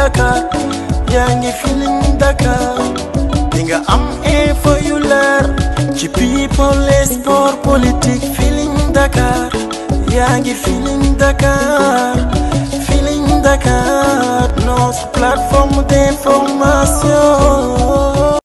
Dakar yaa ngi Feeling Dakar di nga am info yu leer ci people ngi Feeling Dakar Feeling Dakar notre